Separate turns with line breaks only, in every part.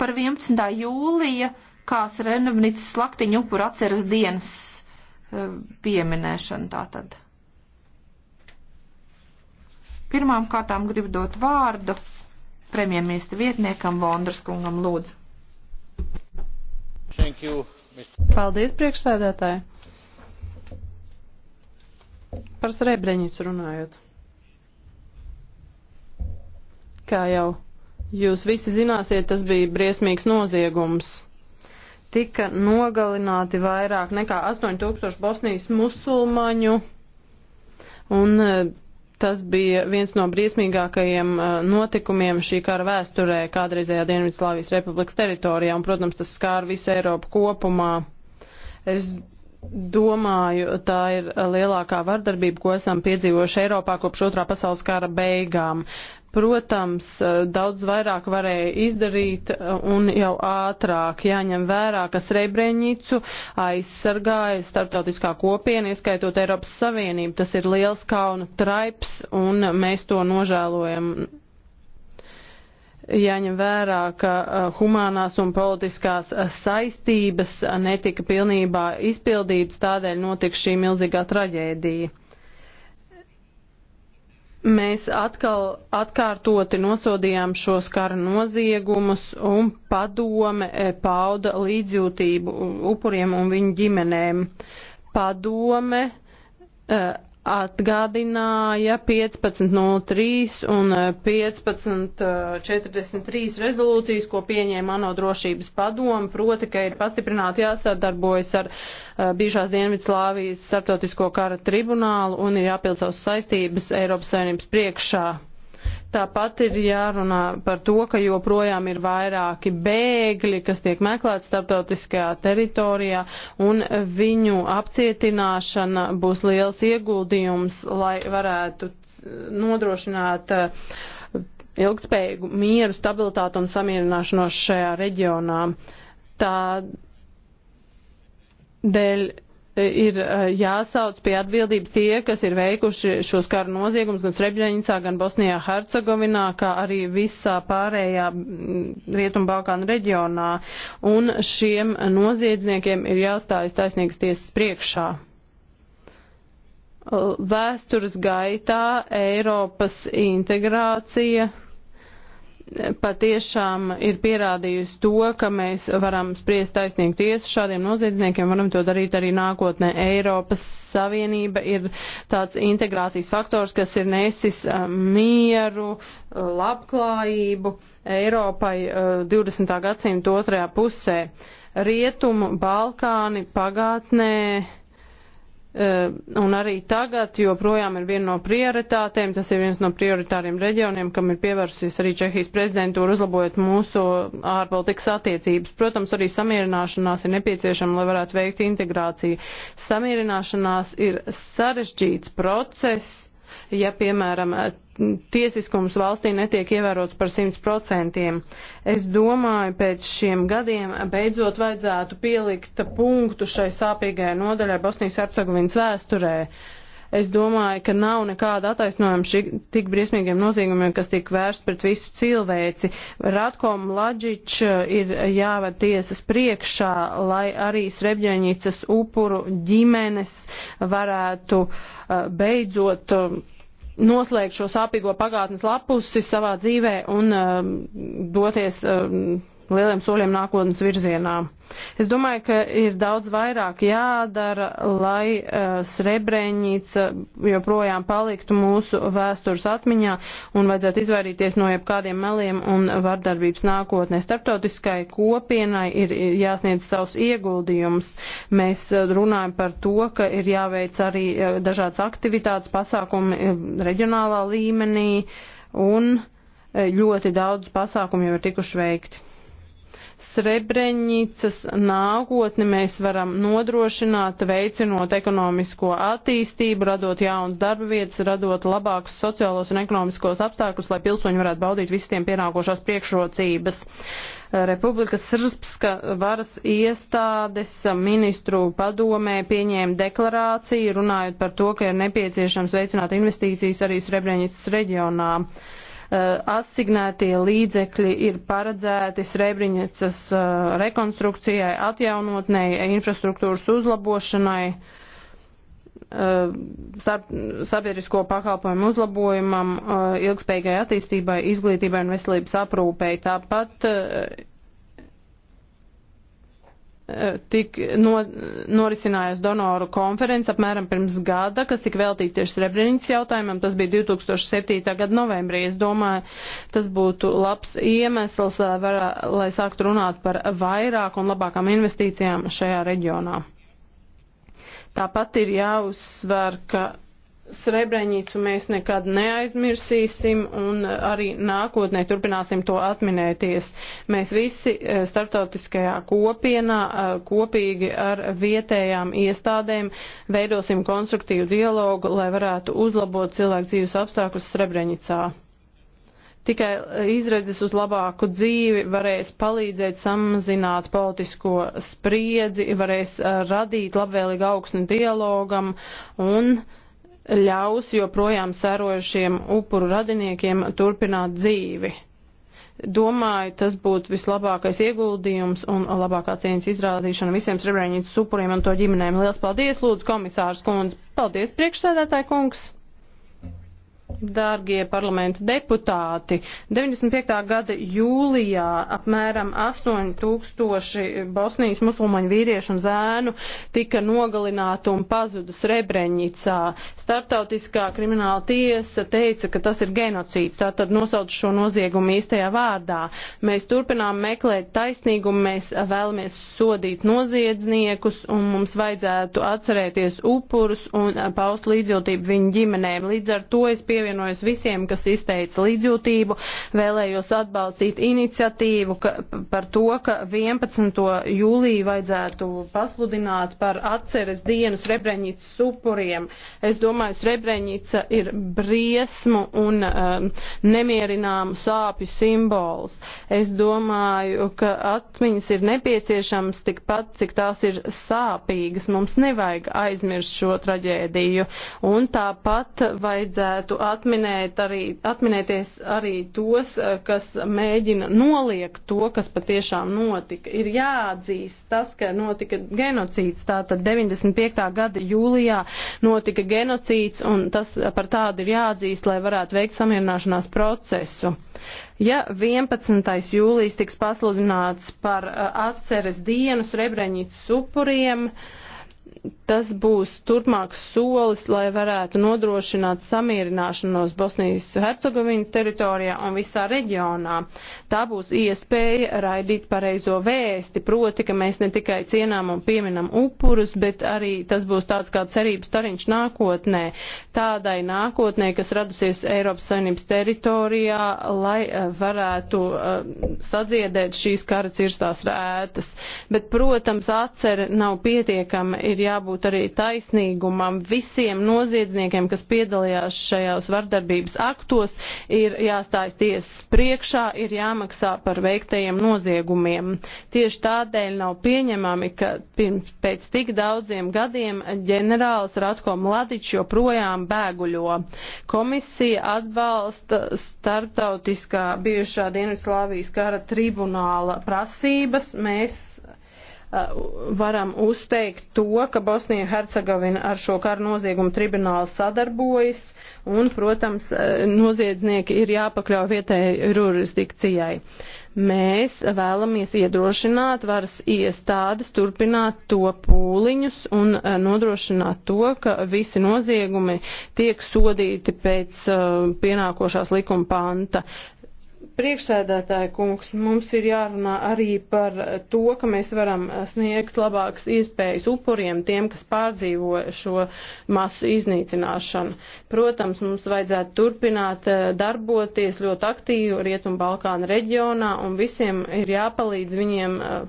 par 11. jūlija Kās Renovnicas slaktiņu upur atceras dienas eh, pieminēšanu tātad. Pirmām kārtām gribu dot vārdu premjerministra vietniekam Vondras kungam lūdzu.
Thank you, Mr.
Paldies,
priekšsēdētāji. Par Srebrenicu runājot. Kā jau Jūs visi zināsiet, tas bija briesmīgs noziegums. Tika nogalināti vairāk nekā 8000 Bosnijas musulmaņu, un e, tas bija viens no briesmīgākajiem e, notikumiem šī kara vēsturē kādreizējā Dienvidslāvijas republikas teritorijā, un, protams, tas skāra visu Eiropu kopumā. Es domāju, tā ir lielākā vardarbība, ko esam piedzīvojuši Eiropā kopš otrā pasaules kara beigām. Protams, daudz vairāk varēja izdarīt un jau ātrāk jāņem vērā, ka Srebrenicu aizsargāja starptautiskā kopiena, ieskaitot Eiropas Savienību. Tas ir liels kauna traips un mēs to nožēlojam jāņem vērā, ka uh, humānās un politiskās saistības netika pilnībā izpildītas, tādēļ notika šī milzīgā traģēdija. Mēs atkal atkārtoti nosodījām šos kara noziegumus un padome e, pauda līdzjūtību upuriem un viņu ģimenēm. Padome uh, atgādināja 15.03 un 15.43 e, e, rezolūcijas, ko pieņēma ANO drošības padomu, proti, ka ir pastiprināti jāsadarbojas ar uh, bijušās Dienvidslāvijas starptautisko kara tribunālu un ir jāpild savas saistības Eiropas Savienības priekšā. Tāpat ir jārunā par to, ka joprojām ir vairāki bēgļi, kas tiek meklēti starptautiskajā teritorijā, un viņu apcietināšana būs liels ieguldījums, lai varētu eh, nodrošināt eh, ilgspējīgu mieru, stabilitātu un samierināšanos šajā reģionā. Tā dēļ ir eh, jāsauc pie atbildības tie, kas ir veikuši šos karu noziegumus gan Srebrenicā, gan Bosnijā, Hercegovinā, kā arī visā pārējā Rietumbalkānu reģionā. Un šiem noziedzniekiem ir jāstājas taisnīgas tiesas priekšā vēstures gaitā Eiropas integrācija patiešām ir pierādījusi to, ka mēs varam spriest taisnīgu tiesu šādiem noziedzniekiem, varam to darīt arī nākotnē. Eiropas Savienība ir tāds integrācijas faktors, kas ir nesis eh, mieru, eh, labklājību Eiropai 20. Eh, gadsimta otrajā pusē. Rietumu, Balkāni pagātnē Eh, un arī tagad joprojām ir viena no prioritātēm, tas ir viens no prioritāriem reģioniem, kam ir pievērsusies arī Čehijas prezidentūra, uzlabojot mūsu ārpolitikas attiecības. Protams, arī samierināšanās ir nepieciešama, lai varētu veikt integrāciju. Samierināšanās ir sarežģīts process, ja, piemēram, tiesiskums valstī netiek ievērots par 100%. Es domāju, pēc šiem gadiem beidzot vajadzētu pielikt punktu šai sāpīgajai nodaļai Bosnijas Hercegovinas vēsturē. Uh, Es domāju, ka nav nekāda attaisnojuma šī tik briesmīgiem noziegumiem, kas tiek vērsts pret visu cilvēci. Ratkom Laģič uh, ir jāved tiesas priekšā, lai arī Srebģeņicas upuru ģimenes varētu uh, beidzot um, noslēgt šo sāpīgo pagātnes lapusi savā dzīvē un um, doties um, lieliem soļiem nākotnes virzienā. Es domāju, ka ir daudz vairāk jādara, lai uh, Srebrenica joprojām paliktu mūsu vēstures atmiņā un vajadzētu izvairīties no jebkādiem meliem un vardarbības nākotnē. Starptautiskai kopienai ir jāsniedz savus ieguldījumus. Mēs eh, runājam par to, ka ir jāveic arī eh, dažādas aktivitātes, pasākumi reģionālā līmenī un ļoti daudz pasākumu jau ir tikuši veikti. Srebrenicas nākotni mēs varam nodrošināt, veicinot ekonomisko attīstību, radot jaunas darba vietas, radot labākus sociālos un ekonomiskos apstākļus, lai pilsoņi varētu baudīt visiem pienākošās priekšrocības. Republikas Srpska varas iestādes ministru padomē pieņēma deklarāciju, runājot par to, ka ir nepieciešams veicināt investīcijas arī Srebrenicas reģionā. Uh, Eh, asignētie līdzekļi ir paredzēti Srebrenicas eh, rekonstrukcijai, atjaunotnei, infrastruktūras uzlabošanai eh, sabiedrisko pakalpojumu uzlabojumam, ilgspējīgai attīstībai, izglītībai un veselības aprūpei. Tāpat Eh, tik no, norisinājās donoru konferences apmēram pirms gada, kas tika veltīta tieši Srebrenicas jautājumam. Tas bija 2007. gada novembrī. Es domāju, tas būtu labs iemesls, eh, var, lai sāktu runāt par vairāk un labākām investīcijām šajā reģionā. Tāpat ir jāuzsver, ka Srebrenicu mēs nekad neaizmirsīsim un arī nākotnē turpināsim to atminēties. Mēs visi eh, starptautiskajā kopienā eh, kopīgi ar vietējām iestādēm veidosim konstruktīvu dialogu, lai varētu uzlabot cilvēku dzīves apstākļus Srebrenicā. Tikai eh, izredzes uz labāku dzīvi varēs palīdzēt samazināt politisko spriedzi, varēs radīt labvēlīgu augsni dialogam un uh, ļaus joprojām sērojušiem upuru radiniekiem turpināt dzīvi. Domāju, tas būtu vislabākais ieguldījums un labākā cieņas izrādīšana visiem Srebrenicas upuriem un to ģimenēm. Lielas paldies, lūdzu, komisārs kundze. Paldies, priekšsēdētāji kungs. Dārgie parlamenta deputāti, 95. gada jūlijā apmēram 8000 Bosnijas musulmaņu vīriešu un zēnu tika nogalināti un pazuda Srebrenicā. Startautiskā krimināla tiesa teica, ka tas ir genocīds, tātad nosauc šo noziegumu īstajā vārdā. Mēs turpinām meklēt taisnīgumu, mēs vēlamies sodīt noziedzniekus un mums vajadzētu atcerēties upurus un paust līdzjūtību viņu ģimenēm. Līdz ar to es pievienu pievienojos visiem, kas izteica līdzjūtību. Vēlējos atbalstīt iniciatīvu ka, par to, ka 11. jūliju vajadzētu pasludināt par atceres dienu Srebrenicas upuriem. Es domāju, Srebrenica ir briesmu un um, nemierināmu sāpju simbols. Es domāju, ka atmiņas ir nepieciešams tikpat, cik tās ir sāpīgas. Mums nevajag aizmirst šo traģēdiju. Un tāpat vajadzētu atcerēt atminēt arī, atminēties arī tos, eh, kas mēģina noliegt to, kas patiešām notika. Ir jāatzīst tas, ka notika genocīds. Tātad 95. gada jūlijā notika genocīds, un tas par tādu ir jāatzīst, lai varētu veikt samierināšanās procesu. Ja 11. jūlijas tiks pasludināts par eh, atceres dienu Srebrenicas upuriem, uh, tas būs turpmāks solis, lai varētu nodrošināt samierināšanos Bosnijas Hercegovinas teritorijā un visā reģionā. Tā būs iespēja raidīt pareizo vēsti, proti, ka mēs ne tikai cienām un pieminam upurus, bet arī tas būs tāds kā cerības tariņš nākotnē, tādai nākotnē, kas radusies Eiropas Savienības teritorijā, lai eh, varētu uh, sadziedēt šīs kara cirstās rētas. Bet, protams, atcere nav pietiekama, ir jā jābūt arī taisnīgumam. Visiem noziedzniekiem, kas piedalījās šajās vardarbības aktos, ir jāstājas tiesas priekšā, ir jāmaksā par veiktajiem noziegumiem. Tieši tādēļ nav pieņemami, ka pirms, pēc tik daudziem gadiem ģenerālis Ratko Mladičs joprojām bēguļo. Komisija atbalsta starptautiskā bijušā Dienvidslāvijas kara tribunāla prasības. Mēs Uh, varam uzteikt to, ka Bosnija Hercegovina ar šo karu noziegumu tribunālu sadarbojas un, protams, uh, noziedznieki ir jāpakļauj vietējai jurisdikcijai. Mēs vēlamies iedrošināt varas iestādes turpināt to pūliņus un uh, nodrošināt to, ka visi noziegumi tiek sodīti pēc pienākošās likuma panta. Priekšsēdētāja kungs, mums ir jārunā arī par to, ka mēs varam sniegt labākas iespējas upuriem, tiem, kas pārdzīvo šo masu iznīcināšanu. Protams, mums vajadzētu turpināt eh, darboties ļoti aktīvi Rietumbalkāna reģionā un visiem ir jāpalīdz viņiem eh,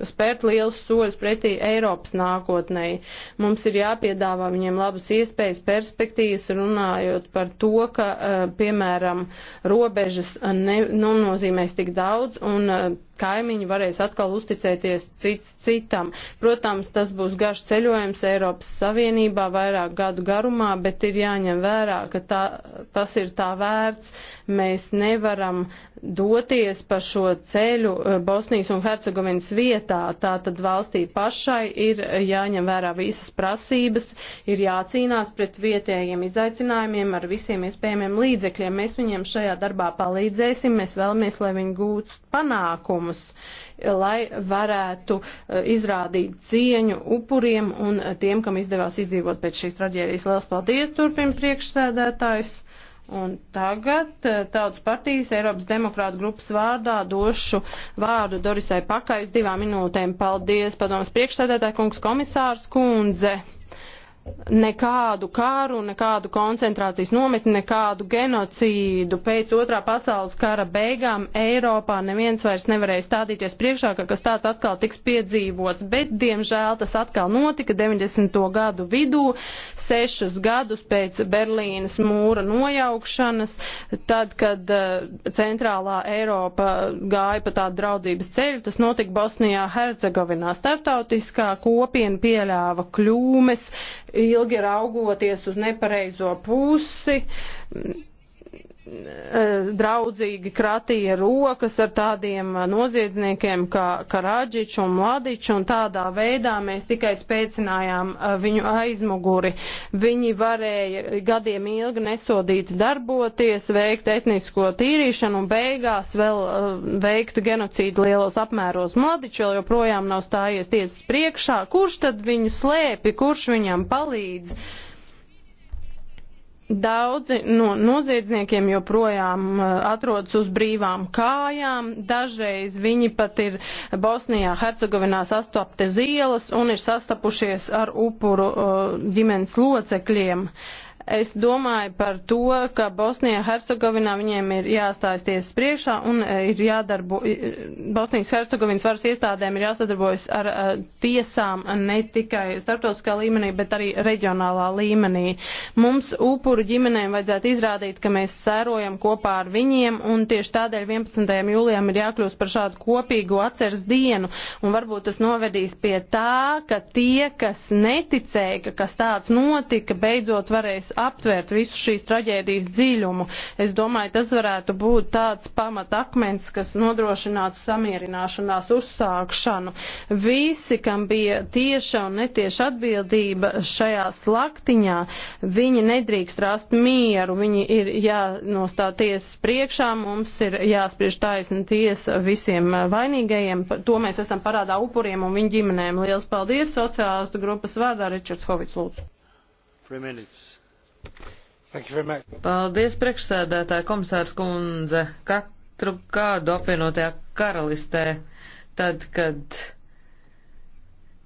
spērt liels soļus pretī Eiropas nākotnē. Mums ir jāpiedāvā viņiem labas iespējas, perspektīvas, runājot par to, ka, eh, piemēram, robežas eh, nenozīmēs tik daudz un eh, kaimiņi varēs atkal uzticēties cits citam. Protams, tas būs garš ceļojums Eiropas Savienībā vairāk gadu garumā, bet ir jāņem vērā, ka tā, tas ir tā vērts. Mēs nevaram doties pa šo ceļu eh, Bosnijas un Hercegovinas vietā. Tā tad valstī pašai ir jāņem vērā visas prasības, ir jācīnās pret vietējiem izaicinājumiem ar visiem iespējamiem līdzekļiem. Mēs viņiem šajā darbā palīdzēsim, mēs vēlamies, lai viņi gūtu panākumus uzdevumus, lai varētu eh, izrādīt cieņu upuriem un eh, tiem, kam izdevās izdzīvot pēc šīs traģēdijas. Lielas paldies, turpina priekšsēdētājs. Un tagad eh, Tautas partijas Eiropas demokrāta grupas vārdā došu vārdu Dorisai Pakai uz divām minūtēm. Paldies, padomas priekšsēdētāja kungs, komisārs kundze nekādu kāru, nekādu koncentrācijas nometni, nekādu genocīdu. Pēc otrā pasaules kara beigām Eiropā neviens vairs nevarēja stādīties priekšā, ka kas tāds atkal tiks piedzīvots, bet diemžēl tas atkal notika 90. gadu vidū, sešus gadus pēc Berlīnas mūra nojaukšanas, tad, kad uh, centrālā Eiropa gāja pa tādu draudības ceļu, tas notika Bosnijā, Hercegovinā. Startautiskā kopiena pieļāva kļūmes, ilgi raugoties uz nepareizo pusi Eh, draudzīgi kratīja rokas ar tādiem noziedzniekiem kā Karadžič un Mladič, un tādā veidā mēs tikai spēcinājām eh, viņu aizmuguri. Viņi varēja gadiem ilgi nesodīt darboties, veikt etnisko tīrīšanu un beigās vēl eh, veikt genocīdu lielos apmēros. Mladič vēl joprojām nav stājies tiesas priekšā. Kurš tad viņu slēpi, kurš viņam palīdz? Daudzi no noziedzniekiem joprojām eh, atrodas uz brīvām kājām, dažreiz viņi pat ir Bosnijā, Hercegovinā sastapti zielas un ir sastapušies ar upuru eh, ģimenes locekļiem. Uh, Es domāju par to, ka Bosnijā Hercegovinā viņiem ir jāstāsties priekšā un e, ir jādarbo, Bosnijas Hercegovinas varas iestādēm ir jāsadarbojas ar uh, tiesām ne tikai starptautiskā līmenī, bet arī reģionālā līmenī. Mums upuru ģimenēm vajadzētu izrādīt, ka mēs sērojam kopā ar viņiem un tieši tādēļ 11. jūlijam ir jākļūst par šādu kopīgu atceres dienu un varbūt tas novedīs pie tā, ka tie, kas neticēja, ka kas tāds notika, beidzot varēs aptvērt visu šīs traģēdijas dziļumu. Es domāju, tas varētu būt tāds pamatakmens, kas nodrošinātu samierināšanās uzsākšanu. Visi, kam bija tieša un netieša atbildība šajā slaktiņā, viņi nedrīkst rast mieru, viņi ir jānostāties priekšā, mums ir jāspriež taisni tiesa visiem vainīgajiem. To mēs esam parādā upuriem un viņu ģimenēm. Liels paldies! Sociālistu grupas vārdā
Ričards Hovits lūdzu. Three minutes. Paldies, priekšsēdētāja komisārs kundze. Katru gadu apvienotajā karalistē, tad, kad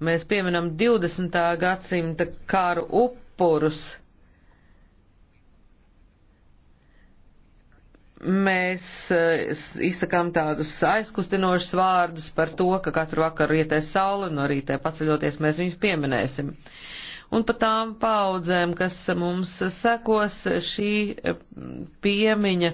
mēs pieminam 20. gadsimta kāru upurus, mēs eh, izsakām tādus aizkustinošus vārdus par to, ka katru vakaru rietē saule un no rītē paceļoties mēs viņus pieminēsim. Uh, un par tām paudzēm, kas mums sekos šī eh, piemiņa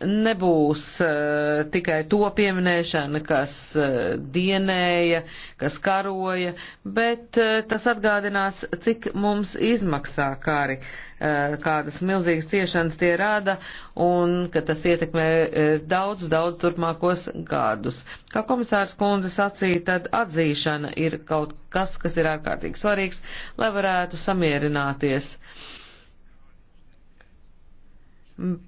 nebūs uh, tikai to pieminēšana, kas uh, dienēja, kas karoja, bet uh, tas atgādinās, cik mums izmaksā kari, uh, kādas milzīgas ciešanas tie rada un ka tas ietekmē uh, daudz, daudz turpmākos gadus. Kā komisārs kundze sacīja, tad atzīšana ir kaut kas, kas ir ārkārtīgi svarīgs, lai varētu samierināties. Mm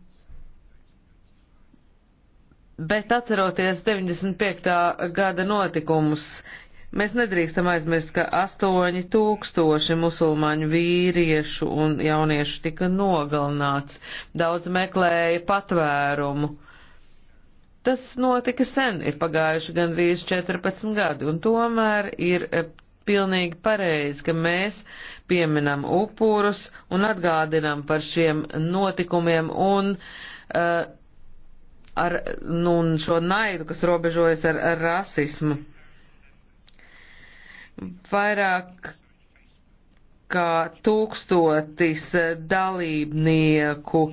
Bet atceroties 95. gada notikumus, mēs nedrīkstam aizmirst, ka 8000 musulmaņu vīriešu un jauniešu tika nogalināts, daudz meklēja patvērumu. Tas notika sen, ir pagājuši gandrīz 14 gadi, un tomēr ir eh, pilnīgi pareizi, ka mēs pieminam upurus un atgādinam par šiem notikumiem un uh, ar nu, šo naidu, kas robežojas ar, ar rasismu. Vairāk kā tūkstotis dalībnieku e,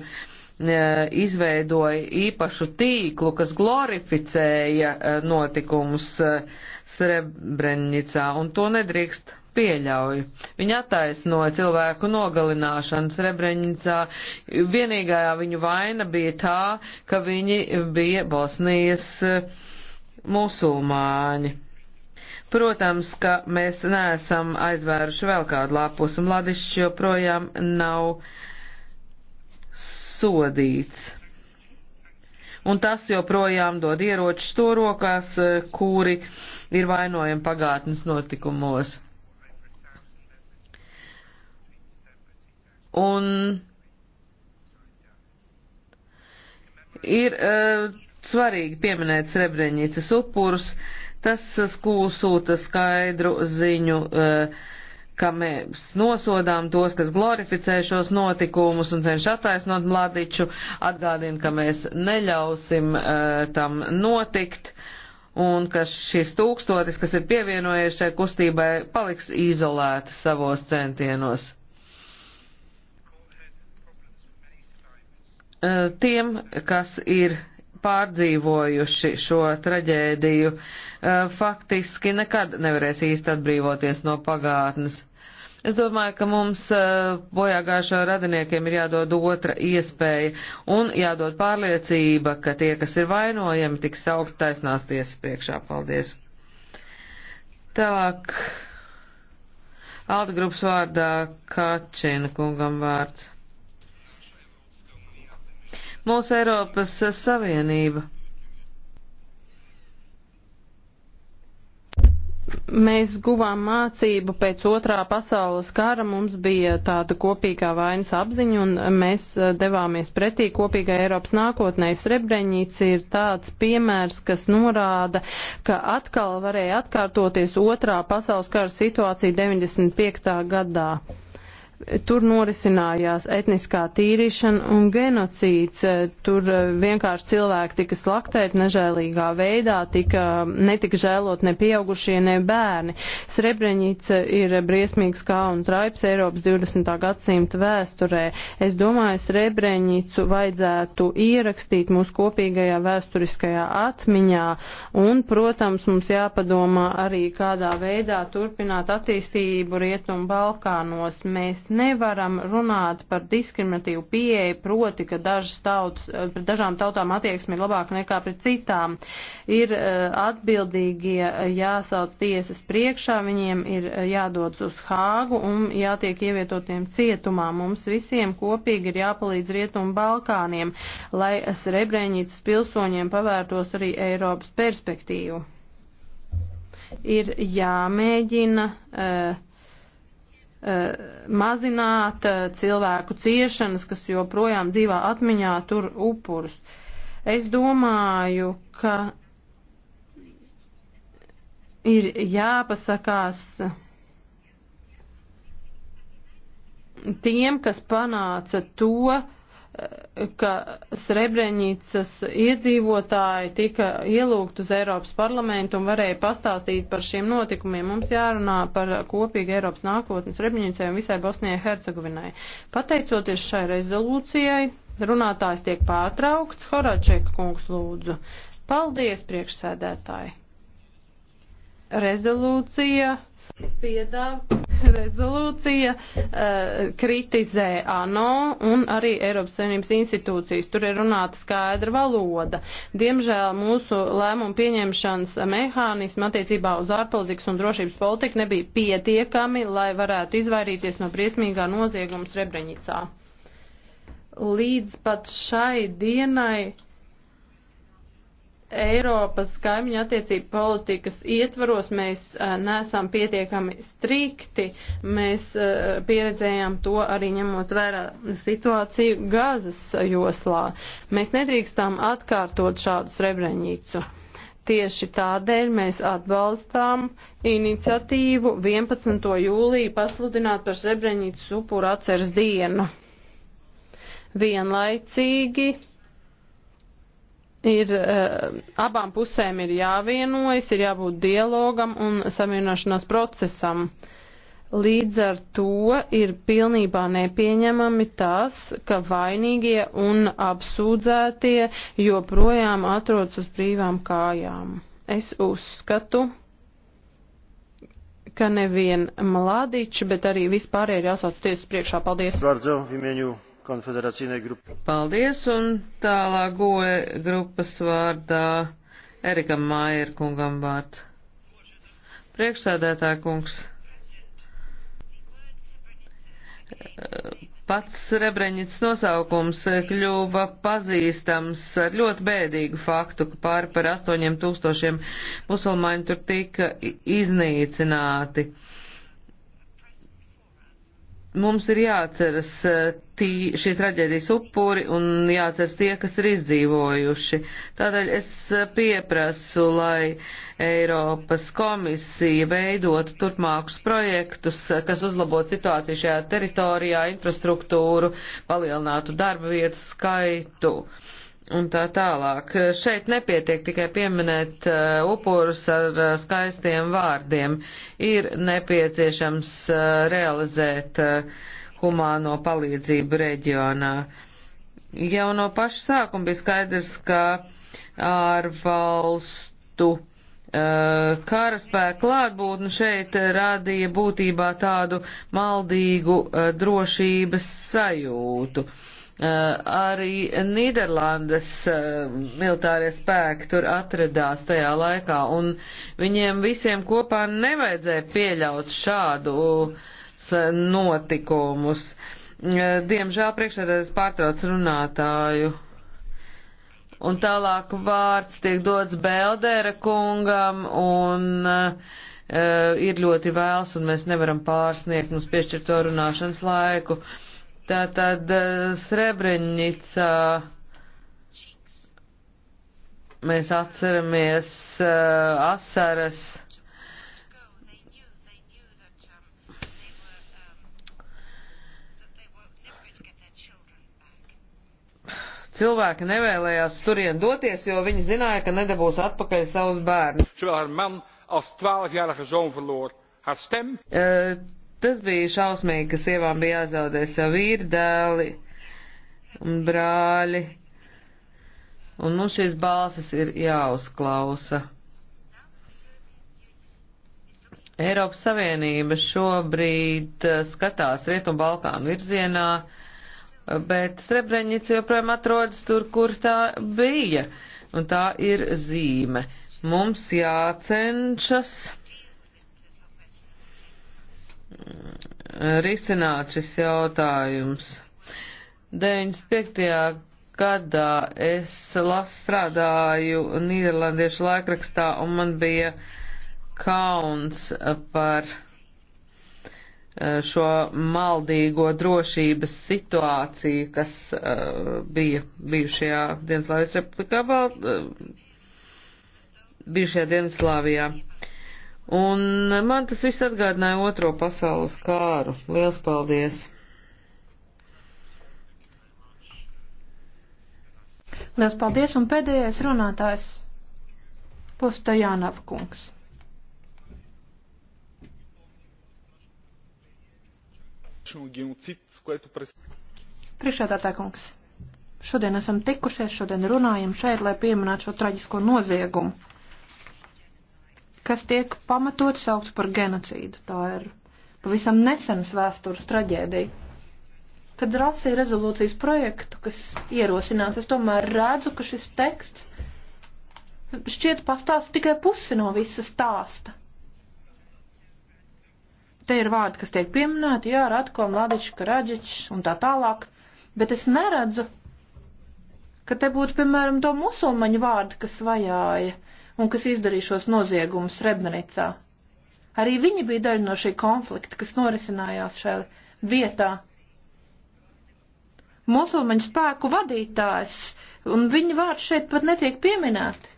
izveidoja īpašu tīklu, kas glorificēja e, notikumus e, Srebrenicā, un to nedrīkst pieļauj. Viņa attaisnoja cilvēku nogalināšanu Srebrenicā. Vienīgā viņu vaina bija tā, ka viņi bija Bosnijas eh, musulmāņi. Protams, ka mēs neesam aizvēruši vēl kādu lapus, un Ladišs joprojām nav sodīts. Un tas joprojām dod ieročus to rokās, eh, kuri ir vainojami pagātnes notikumos. Un ir uh, svarīgi pieminēt Srebrenicas upurus, tas skūsūta skaidru ziņu. Uh, ka mēs nosodām tos, kas glorificē šos notikumus un cenš attaisnot Mladiču, atgādina, ka mēs neļausim uh, tam notikt un ka šis tūkstotis, kas ir pievienojies šai kustībai, paliks izolēti savos centienos. Eh, tiem, kas ir pārdzīvojuši šo traģēdiju, eh, faktiski nekad nevarēs īsti atbrīvoties no pagātnes. Es domāju, ka mums eh, bojāgājušo radiniekiem ir jādod otra iespēja un jādod pārliecība, ka tie, kas ir vainojami, tiks saukt taisnās tiesas priekšā. Paldies! Tālāk, Alda grupas vārdā Kačina kungam vārds mūsu Eiropas Savienība.
Mēs guvām mācību pēc otrā pasaules kara, mums bija tāda kopīgā vainas apziņa un mēs eh, devāmies pretī kopīgai Eiropas nākotnē. Srebreņīci ir tāds piemērs, kas norāda, ka atkal varēja atkārtoties otrā pasaules kara situācija 95. gadā. Tur norisinājās etniskā tīrīšana un genocīds. Eh, tur eh, vienkārši cilvēki tika slaktēti nežēlīgā veidā, tika, netika žēlot ne pieaugušie, ne bērni. Srebrenica ir briesmīgs kā un traips Eiropas 20. gadsimta vēsturē. Es domāju, Srebrenicu vajadzētu ierakstīt mūsu kopīgajā vēsturiskajā atmiņā un, protams, mums jāpadomā arī, kādā veidā turpināt attīstību Rietumu Balkānos. Mēs nevaram runāt par diskriminatīvu pieeju, proti, ka tautas, eh, pret dažām tautām attieksme ir labāka nekā pret citām. Ir eh, atbildīgie eh, jāsauc tiesas priekšā, viņiem ir jādodas uz Hāgu un jātiek ievietotiem cietumā. Mums visiem kopīgi ir jāpalīdz Rietumu Balkāniem, lai Srebreņītas pilsoņiem pavērtos arī Eiropas perspektīvu. Ir jāmēģina uh, Eh, mazināt eh, cilvēku ciešanas, kas joprojām dzīvā atmiņā tur upurus. Es domāju, ka ir jāpasakās tiem, kas panāca to, ka Srebrenicas iedzīvotāji tika ielūgt uz Eiropas parlamentu un varēja pastāstīt par šiem notikumiem. Mums jārunā par kopīgu Eiropas nākotni Srebrenicai un visai Bosnijai Hercegovinai. Pateicoties šai rezolūcijai, runātājs tiek pārtraukts. Horačeka kungs lūdzu. Paldies, priekšsēdētāji. Rezolūcija piedāvā rezolūcija uh, kritizē ANO un arī Eiropas Savienības institūcijas. Tur ir runāta skaidra valoda. Diemžēl mūsu lēmumu pieņemšanas mehānismi attiecībā uz ārpolitikas un drošības politiku nebija pietiekami, lai varētu izvairīties no briesmīgā nozieguma Srebrenicā. Līdz pat šai dienai Eiropas kaimiņu attiecību politikas ietvaros mēs uh, nesam pietiekami strikti. Mēs uh, pieredzējām to arī ņemot vērā situāciju Gazas joslā. Mēs nedrīkstām atkārtot šādu srebrenīcu. Tieši tādēļ mēs atbalstām iniciatīvu 11. jūliju pasludināt par Srebrenīcas upuru atceres dienu. Vienlaicīgi ir eh, abām pusēm ir jāvienojas, ir jābūt dialogam un savienošanās procesam. Līdz ar to ir pilnībā nepieņemami tas, ka vainīgie un apsūdzētie joprojām atrodas uz brīvām kājām. Es uzskatu, ka nevien Mladiči, bet arī vispārējie ir jāsauc tiesas priekšā. Paldies!
Vardzo, konfederācijai grupai. Paldies, un tālāk goja grupas vārdā Erikam Mājerkungam vārds. Priekšsēdētā kungs. Pats Srebrenicas nosaukums kļuva pazīstams ar ļoti bēdīgu faktu, ka pāri par astoņiem tūkstošiem musulmaņu tur tika iznīcināti. Uh, mums ir jāatceras eh, tī, šīs traģēdijas upuri un jāatceras tie, kas ir izdzīvojuši. Tādēļ es eh, pieprasu, lai Eiropas komisija veidot turpmākus projektus, eh, kas uzlabot situāciju šajā teritorijā, infrastruktūru, palielinātu darba vietu skaitu. Uh, un tā tālāk. Šeit nepietiek tikai pieminēt uh, upurus ar uh, skaistiem vārdiem. Ir nepieciešams uh, realizēt uh, humāno palīdzību reģionā. Jau no paša sākuma bija skaidrs, ka ārvalstu uh, karaspēku klātbūtni šeit radīja būtībā tādu maldīgu uh, drošības sajūtu. Uh, Eh, arī Nīderlandes eh, militārie spēki tur atradās tajā laikā, un viņiem visiem kopā nevajadzēja pieļaut šādu notikumus. Eh, diemžēl priekšsēdētājs pārtrauc runātāju. Un tālāk vārds tiek dots Beldēra kungam, un uh, ir ļoti vēls, un mēs nevaram pārsniegt mums piešķirto runāšanas laiku. Uh, Tātad eh, Srebrenica mēs atceramies uh, asaras. Cilvēki nevēlējās turien doties, jo viņi zināja, ka nedabūs atpakaļ savus bērnus. Uh, Tas bija šausmīgi, ka sievām bija jāzaudē savu vīru, dēli un brāļi. Un mums nu šīs balsis ir jāuzklausa. Eiropas Savienība šobrīd eh, skatās Rietumbalkānu virzienā, bet Srebrenica joprojām atrodas tur, kur tā bija. Un tā ir zīme. Mums jācenšas risināt šis jautājums. 95. gadā es las strādāju Nīderlandiešu laikrakstā un man bija kauns par eh, šo maldīgo drošības situāciju, kas uh, bija bijušajā Dienaslāvijas republikā, uh, bijušajā Dienaslāvijā. Un man tas viss atgādināja otro pasaules kāru. Liels paldies!
Liels paldies un pēdējais runātājs būs Tajānava kungs. Priekšādātā kungs, šodien esam tikušies, šodien runājam šeit, lai pieminētu šo traģisko noziegumu kas tiek pamatot saukt par genocīdu. Tā ir pavisam nesenas vēstures traģēdija. Kad rasīju rezolūcijas projektu, kas ierosinās, es tomēr redzu, ka šis teksts šķiet pastāsta tikai pusi no visa stāsta. Te ir vārdi, kas tiek pieminēti, jā, Ratko, Mladičs, Karadžičs un tā tālāk, bet es neredzu, ka te būtu, piemēram, to musulmaņu vārdu, kas vajāja uh, un kas izdarīja šos noziegumus Srebrenicā. Arī viņi bija daļa no šī konflikta, kas norisinājās šajā vietā. Musulmaņu spēku vadītājs, un viņa vārds šeit pat netiek pieminēti.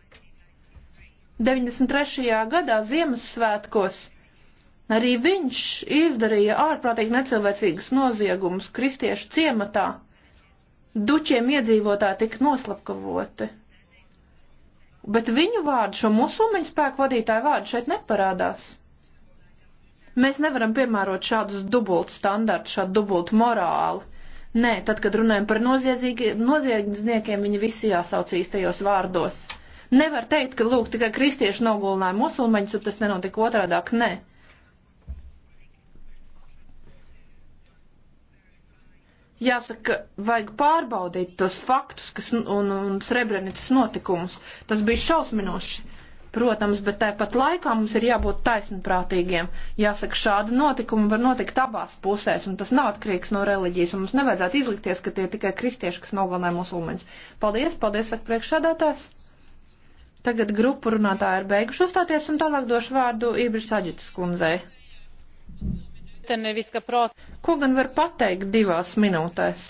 93. gadā Ziemassvētkos arī viņš izdarīja ārprātīgi necilvēcīgus noziegumus kristiešu ciematā. Dučiem iedzīvotāji tika noslapkavoti bet viņu vārdu, šo musulmaņu spēku vadītāju vārdu šeit neparādās. Mēs nevaram piemērot šādus dubultu standartu, šādu dubultu morāli. Nē, tad, kad runājam par noziedzniekiem, viņi visi jāsauc īstajos vārdos. Nevar teikt, ka lūk, tikai kristieši nogalināja musulmaņus, un tas nenotika otrādāk. Nē. Ne. Jāsaka, vajag pārbaudīt tos faktus kas, un, un Srebrenicas notikumus. Tas bija šausminoši, protams, bet tāpat laikā mums ir jābūt taisnprātīgiem. Jāsaka, šādi notikumi var notikt abās pusēs, un tas nav atkarīgs no reliģijas, un mums nevajadzētu izlikties, ka tie ir tikai kristieši, kas nogalināja musulmaņus. Paldies, paldies, saka priekšsēdētājs. Tagad grupu runātāji ir beiguši uzstāties, un tālāk došu vārdu Ībris Aģitas kundzei. Ko gan var pateikt divās minūtēs?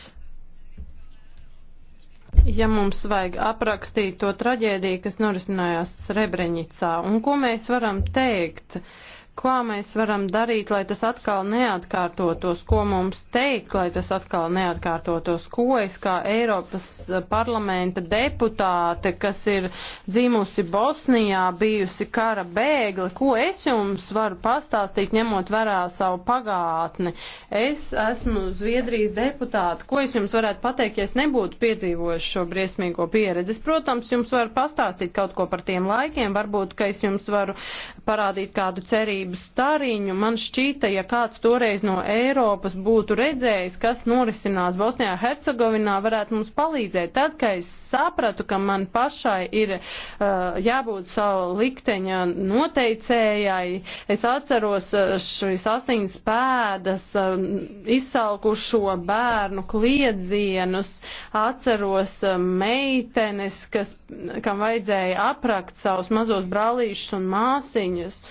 Ja mums vajag aprakstīt to traģēdiju, kas norisinājās Srebrenicā, un ko mēs varam teikt, uh, Ko mēs varam darīt, lai tas atkal neatkārtotos? Ko mums teikt, lai tas atkal neatkārtotos? Ko es kā Eiropas parlamenta deputāte, kas ir dzimusi Bosnijā, bijusi kara bēgli, ko es jums varu pastāstīt, ņemot vērā savu pagātni? Es esmu Zviedrijas deputāte. Ko es jums varētu pateikt, ja es nebūtu piedzīvojuši šo briesmīgo pieredzi? Es, protams, jums varu pastāstīt kaut ko par tiem laikiem. Varbūt, ka es jums varu parādīt kādu cerību neatkarības stariņu, man šķīta, ja kāds toreiz no Eiropas būtu redzējis, kas norisinās Bosnijā, Hercegovinā, varētu mums palīdzēt. Tad, kad es sapratu, ka man pašai ir uh, jābūt savu likteņa noteicējai, es atceros uh, šīs asins pēdas, uh, izsalkušo bērnu kliedzienus, atceros uh, meitenes, kas, kam vajadzēja aprakt savus mazos brālīšus un māsiņus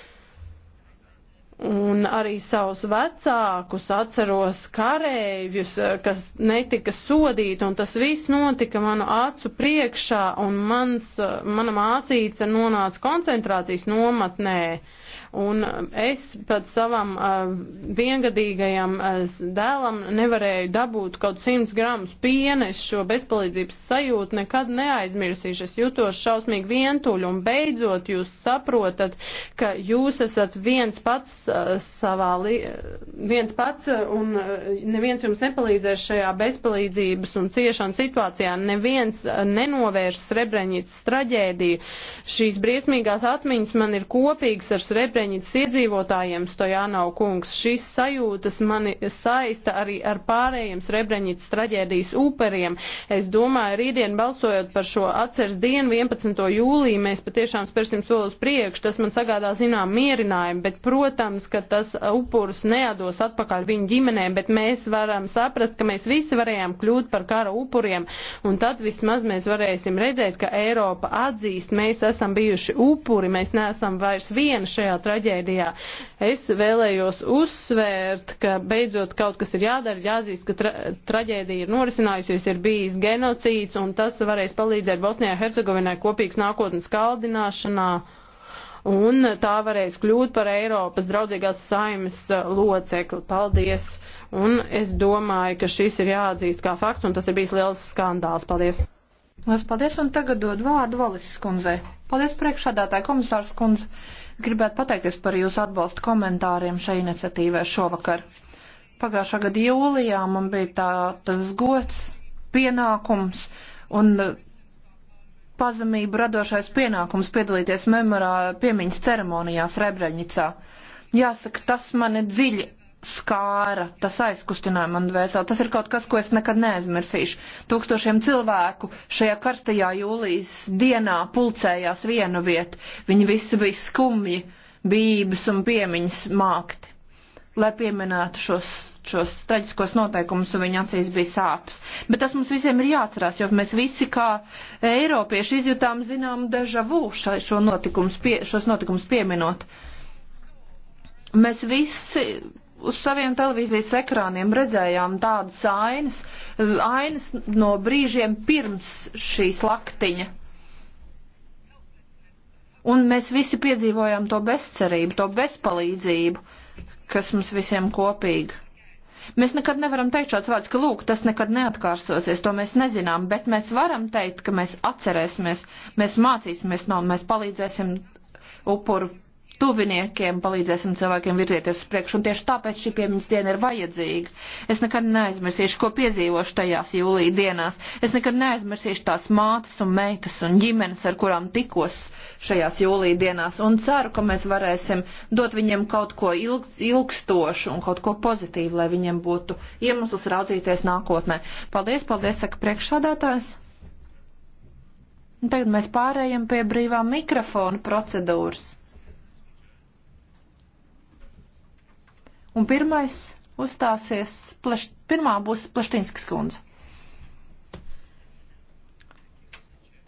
un arī savus vecākus atceros karēģus, eh, kas netika sodīti, un tas viss notika manu acu priekšā, un mans, eh, mana māsīca nonāca koncentrācijas nomatnē. Un es pat savam uh, viengadīgajam uh, dēlam nevarēju dabūt kaut 100 gramus piena. Es šo bezpalīdzības sajūtu nekad neaizmirsīšu. Es jutos šausmīgi vientuļu un beidzot jūs saprotat, ka jūs esat viens pats uh, savā, li... Uh, viens pats uh, un uh, neviens jums nepalīdzēs šajā bezpalīdzības un ciešanas situācijā. Neviens nenovērs Srebrenicas traģēdiju. Šīs briesmīgās atmiņas man ir kopīgas ar Srebrenicas Srebreņas iedzīvotājiem Stojānau kungs. Šīs sajūtas mani saista arī ar pārējiem Srebreņas traģēdijas upuriem. Es domāju, rītdien balsojot par šo atceres dienu 11. jūlī, mēs patiešām spērsim solus priekš. Tas man sagādā zinām mierinājumu, bet, protams, ka tas upurus neados atpakaļ viņu ģimenēm, bet mēs varam saprast, ka mēs visi varējām kļūt par kara upuriem. Un tad vismaz mēs varēsim redzēt, ka Eiropa atzīst, mēs esam bijuši upuri, mēs neesam vairs viena šajā šajā traģēdijā. Es vēlējos uzsvērt, ka beidzot kaut kas ir jādara, jāzīst, ka tra traģēdija ir norisinājusies, ir bijis genocīds, un tas varēs palīdzēt Bosnijā Hercegovinai kopīgas nākotnes kaldināšanā. Un tā varēs kļūt par Eiropas draudzīgās saimes uh, locekli. Paldies! Un es domāju, ka šis ir jāatzīst kā fakts, un tas ir bijis
liels skandāls. Paldies! Lielas paldies, un tagad dod vārdu Valis skundzei. Paldies priekšādātāji komisārs skundze. Gribētu pateikties par jūsu atbalstu komentāriem šai iniciatīvai šovakar. Pagājušā gada jūlijā man bija tā, tas gods, pienākums un e, pazemību radošais pienākums piedalīties memorā piemiņas ceremonijās Rebreņicā. Jāsaka, tas mani dziļi skāra, tas aizkustināja man dvēseli. Tas ir kaut kas, ko es nekad neaizmirsīšu. Tūkstošiem cilvēku šajā karstajā jūlijas dienā pulcējās vienu vietu. Viņi visi bija skumji, bības un piemiņas mākti. Lai pieminētu šos, šos traģiskos noteikumus, un viņa acīs bija sāpes. Bet tas mums visiem ir jāatcerās, jo mēs visi kā eiropieši izjutām zinām deja vu šo notikums, pie, šos notikumus pieminot. Mēs visi uz saviem televīzijas ekrāniem redzējām tādas ainas, ainas no brīžiem pirms šīs laktiņa. Un mēs visi piedzīvojām to bezcerību, to bezpalīdzību, kas mums visiem kopīga. Mēs nekad nevaram teikt šāds vārds, ka lūk, tas nekad neatkārsosies, to mēs nezinām, bet mēs varam teikt, ka mēs atcerēsimies, mēs mācīsimies, no, mēs palīdzēsim upuru tuviniekiem, palīdzēsim cilvēkiem virzieties uz priekšu, un tieši tāpēc šī piemiņas diena ir vajadzīga. Es nekad neaizmirsīšu, ko piedzīvošu tajās jūlija dienās. Es nekad neaizmirsīšu tās mātes un meitas un ģimenes, ar kurām tikos šajās jūlija dienās, un ceru, ka mēs varēsim dot viņiem kaut ko ilg ilgstošu un kaut ko pozitīvu, lai viņiem būtu iemesls raudzīties nākotnē. Paldies, paldies, saka priekšsādātājs. Un tagad mēs pārējam pie brīvā mikrofona procedūras. Un pirmais uzstāsies, pleš, pirmā būs Plaštinskas kundze.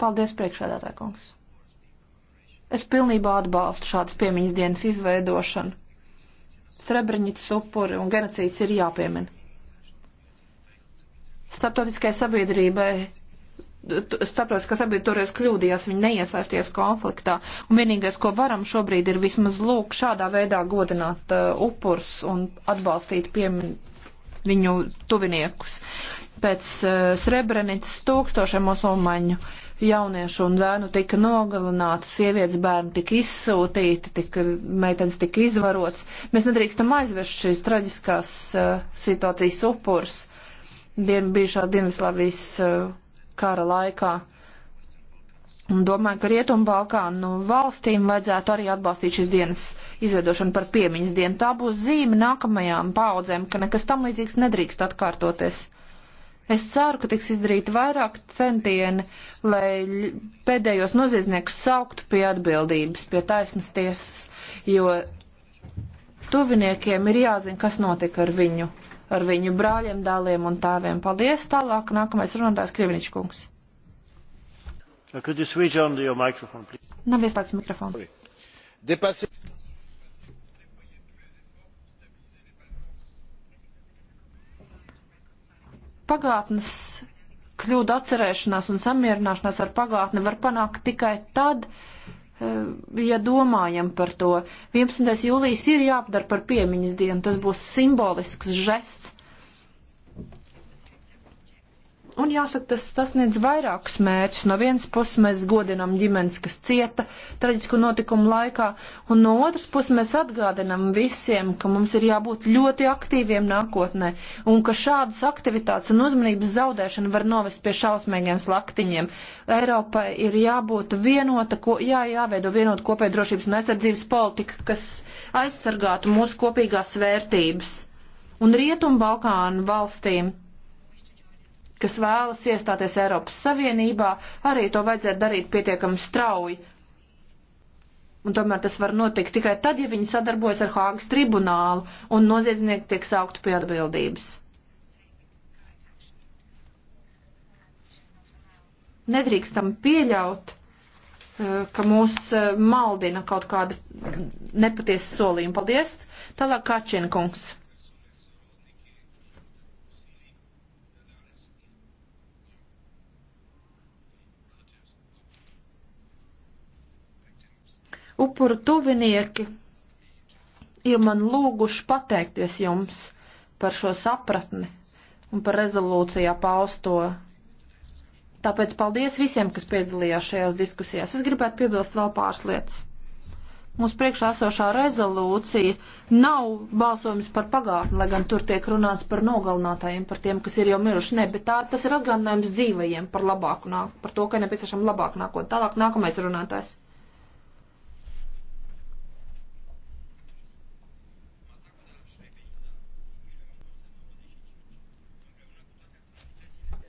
Paldies, priekšsēdētāj kungs. Es pilnībā atbalstu šādas piemiņas dienas izveidošanu. Srebrenicas upuri un genocīds ir jāpiemina. Starptautiskai sabiedrībai saprast, ka sabiedrība toreiz kļūdījās, viņi neiesaisties konfliktā. Un vienīgais, ko varam šobrīd, ir vismaz lūk šādā veidā godināt uh, upurs un atbalstīt piem viņu tuviniekus. Pēc uh, Srebrenicas tūkstošiem musulmaņu jauniešu un zēnu tika nogalināti, sievietes bērni tika izsūtīti, tika, meitenes tika izvarots. Mēs nedrīkstam aizvest šīs traģiskās uh, situācijas upurs. Dien, bijušā Dienvidslāvijas uh, kara laikā. Un domāju, ka Rietumbalkānu valstīm vajadzētu arī atbalstīt šīs dienas izveidošanu par piemiņas dienu. Tā būs zīme nākamajām paudzēm, ka nekas tam līdzīgs nedrīkst atkārtoties. Es ceru, ka tiks izdarīti vairāk centieni, lai pēdējos noziedzniekus sauktu pie atbildības, pie taisnas tiesas, jo tuviniekiem ir jāzina, kas notika ar viņu ar viņu brāļiem, dēliem un tēviem. Paldies! Tālāk nākamais runātājs Krivniņš kungs. Nav ieslēgts mikrofons. Pagātnes kļūda atcerēšanās un samierināšanās ar pagātni var panākt tikai tad, Eh, ja domājam par to. 11. jūlijas ir jāpadara par piemiņas dienu, tas būs simbolisks žests Un jāsaka, tas sasniedz vairākus mērķus. No vienas puses mēs godinam ģimenes, kas cieta traģisku notikumu laikā, un no otras puses mēs atgādinam visiem, ka mums ir jābūt ļoti aktīviem nākotnē, un ka šādas aktivitātes un uzmanības zaudēšana var novest pie šausmīgiem slaktiņiem. Eiropai ir jābūt vienota, ko, jā, jāveido vienota kopēja drošības un aizsardzības politika, kas aizsargātu mūsu kopīgās vērtības. Un Rietumbalkānu valstīm kas vēlas iestāties Eiropas Savienībā, arī to vajadzētu darīt pietiekami strauji. Un tomēr tas var notikt tikai tad, ja viņi sadarbojas ar Hāgas tribunālu un noziedznieki tiek saukti pie atbildības. Nedrīkstam pieļaut, eh, ka mūs eh, maldina kaut kāda nepatiesa solījuma. Paldies! Tālāk Kačinkungs. Upuru tuvinieki ir man lūguši pateikties jums par šo sapratni un par rezolūcijā pausto. Tāpēc paldies visiem, kas piedalījās šajās diskusijās. Es gribētu piebilst vēl pāris lietas. Mūsu priekšā esošā rezolūcija nav balsojums par pagātni, lai gan tur tiek runāts par nogalinātājiem, par tiem, kas ir jau miruši. Ne, bet tā, tas ir atgādinājums dzīvajiem par labāku nāk, par to, ka nepieciešama labāka nākotne. Tālāk nākamais runātājs.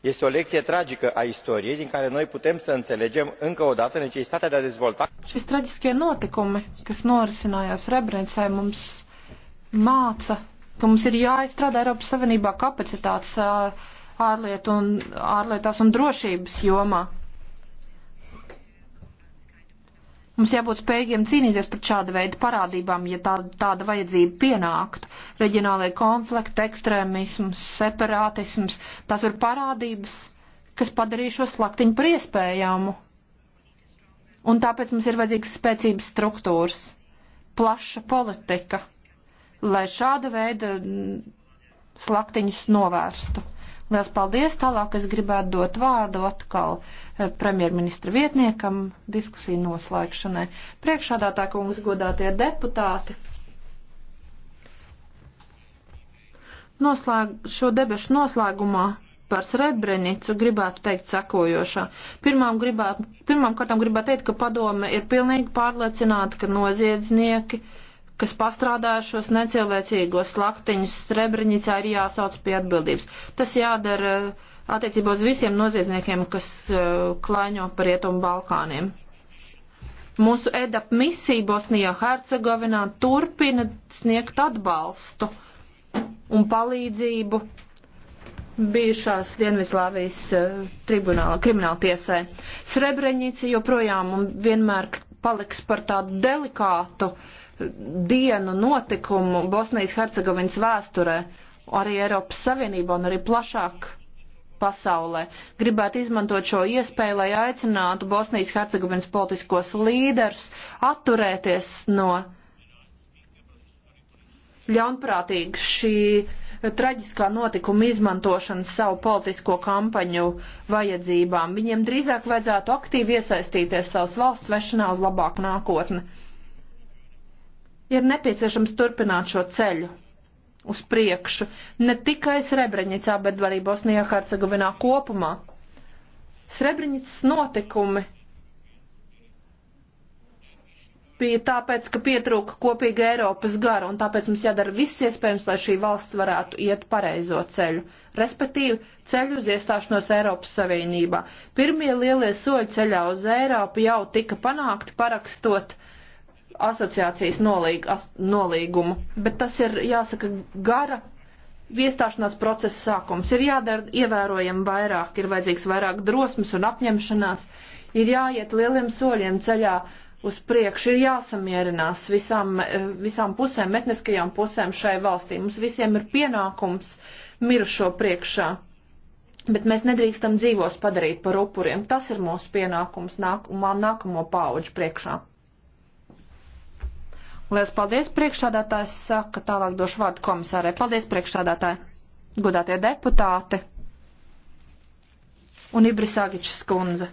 este o lecție tragică a istoriei din care noi putem să înțelegem încă o dată necesitatea de a dezvolta. Šis traģiskie notikumi, kas norisinājās Rebrencē, mums māca, ka mums ir jāizstrādā Eiropas Savienībā kapacitātes ārlietu un, ārlietās un drošības jomā. Mums jābūt spējīgiem cīnīties pret šādu veidu parādībām, ja tā, tāda vajadzība pienāktu. Reģionālajie konflikti, ekstrēmisms, separātisms, tās ir parādības, kas padarīja šo slaktiņu par iespējamu. Un tāpēc mums ir vajadzīgs spēcības struktūras, plaša politika, lai šāda veida slaktiņus novērstu. Lielas paldies! Tālāk es gribētu dot vārdu atkal eh, premjerministra vietniekam diskusiju noslēgšanai. Priekšādātā kungs godātie deputāti. Noslēg, šo debešu noslēgumā par Srebrenicu gribētu teikt sakojošā. Pirmām, gribētu, pirmām kārtām gribētu teikt, ka padome ir pilnīgi pārliecināta, ka noziedznieki uh, kas pastrādājušos necilvēcīgos slaktiņus Srebrenicā ir jāsauc pie atbildības. Tas jādara uh, attiecībā uz visiem noziedzniekiem, kas uh, klaiņo par rietumu Balkāniem. Mūsu EDAP misija Bosnijā Hercegovinā turpina sniegt atbalstu un palīdzību bijušās Dienvidslāvijas uh, tribunāla krimināla tiesai. Srebrenica joprojām un vienmēr paliks par tādu delikātu uh, dienu notikumu Bosnijas Hercegovinas vēsturē, arī Eiropas Savienībā un arī plašāk pasaulē. Gribētu izmantot šo iespēju, lai aicinātu Bosnijas Hercegovinas politiskos līderus atturēties no ļaunprātīgas šī traģiskā notikuma izmantošanu savu politisko kampaņu vajadzībām. Viņiem drīzāk vajadzētu aktīvi iesaistīties savas valsts vešanā uz labāku nākotni ir nepieciešams turpināt šo ceļu uz priekšu, ne tikai Srebrenicā, bet arī Bosnijā, Hercegovinā kopumā. Srebrenicas notikumi bija tāpēc, ka pietrūka kopīga Eiropas gara, un tāpēc mums jādara viss iespējams, lai šī valsts varētu iet pareizo ceļu, respektīvi ceļu uz iestāšanos Eiropas Savienībā. Pirmie lielie soļi ceļā uz Eiropu jau tika panākti parakstot uh, asociācijas nolīg, as, nolīgumu, bet tas ir, jāsaka, gara iestāšanās procesa sākums. Ir jādara ievērojami vairāk, ir vajadzīgs vairāk drosmes un apņemšanās, ir jāiet lieliem soļiem ceļā uz priekšu, ir jāsamierinās visām, visām pusēm, etniskajām pusēm šai valstī. Mums visiem ir pienākums mirušo priekšā. Bet mēs nedrīkstam dzīvos padarīt par upuriem. Tas ir mūsu pienākums nākumā, nākamo pauģu priekšā. Lielas paldies, priekšsādātājs saka, tālāk došu vārdu komisārai. Paldies, priekšsādātāji, godātie deputāti un Ibrisāgičs kundze.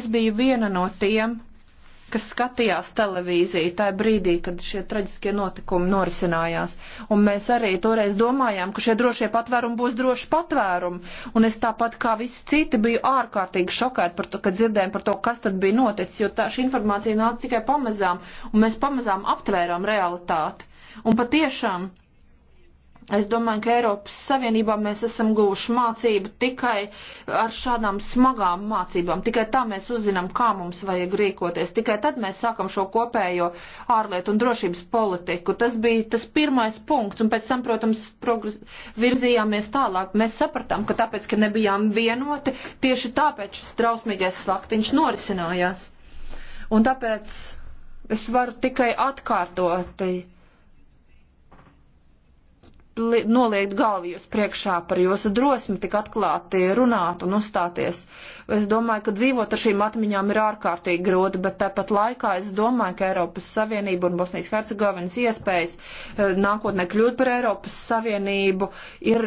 Es biju viena no tiem, kas skatījās televīziju tajā brīdī, kad šie traģiskie notikumi norisinājās. Un mēs arī toreiz domājām, ka šie drošie patvērumi būs droši patvērumi. Un es tāpat kā visi citi biju ārkārtīgi šokēta par to, kad dzirdējām par to, kas tad bija noticis, jo tā, šī informācija nāca tikai pamazām, un mēs pamazām aptvērām realitāti. Un patiešām Es domāju, ka Eiropas Savienībā mēs esam guvuši mācību tikai ar šādām smagām mācībām. Tikai tā mēs uzzinām, kā mums vajag rīkoties. Tikai tad mēs sākam šo kopējo ārlietu un drošības politiku. Tas bija tas pirmais punkts, un pēc tam, protams, virzījāmies tālāk. Mēs sapratām, ka tāpēc, ka nebijām vienoti, tieši tāpēc šis trausmīgais slaktiņš norisinājās. Un tāpēc es varu tikai atkārtoti noliekt galvu jūs priekšā par jūsu drosmi tik atklāti runāt un uzstāties. Es domāju, ka dzīvot ar šīm atmiņām ir ārkārtīgi grūti, bet tāpat laikā es domāju, ka Eiropas Savienība un Bosnijas Hercegovinas iespējas eh, nākotnē kļūt par Eiropas Savienību ir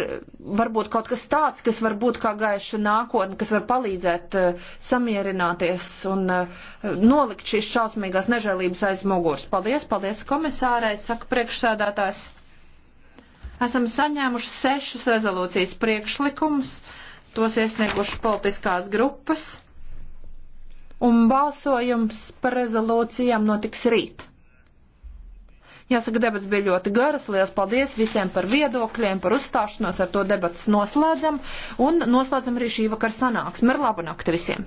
varbūt kaut kas tāds, kas var būt kā gaiša nākotne, kas var palīdzēt eh, samierināties un eh, nolikt šīs šausmīgās nežēlības aiz muguras. Paldies, paldies komisārai, saka priekšsēdētājs. Esam saņēmuši sešus rezolūcijas priekšlikumus, tos iesnieguši politiskās grupas, un balsojums par rezolūcijām notiks rīt. Jāsaka, debats bija ļoti garas. Lielas paldies visiem par viedokļiem, par uzstāšanos. Ar to debats noslēdzam. Un noslēdzam arī šī vakara sanāksmi. Ar labu nakti visiem!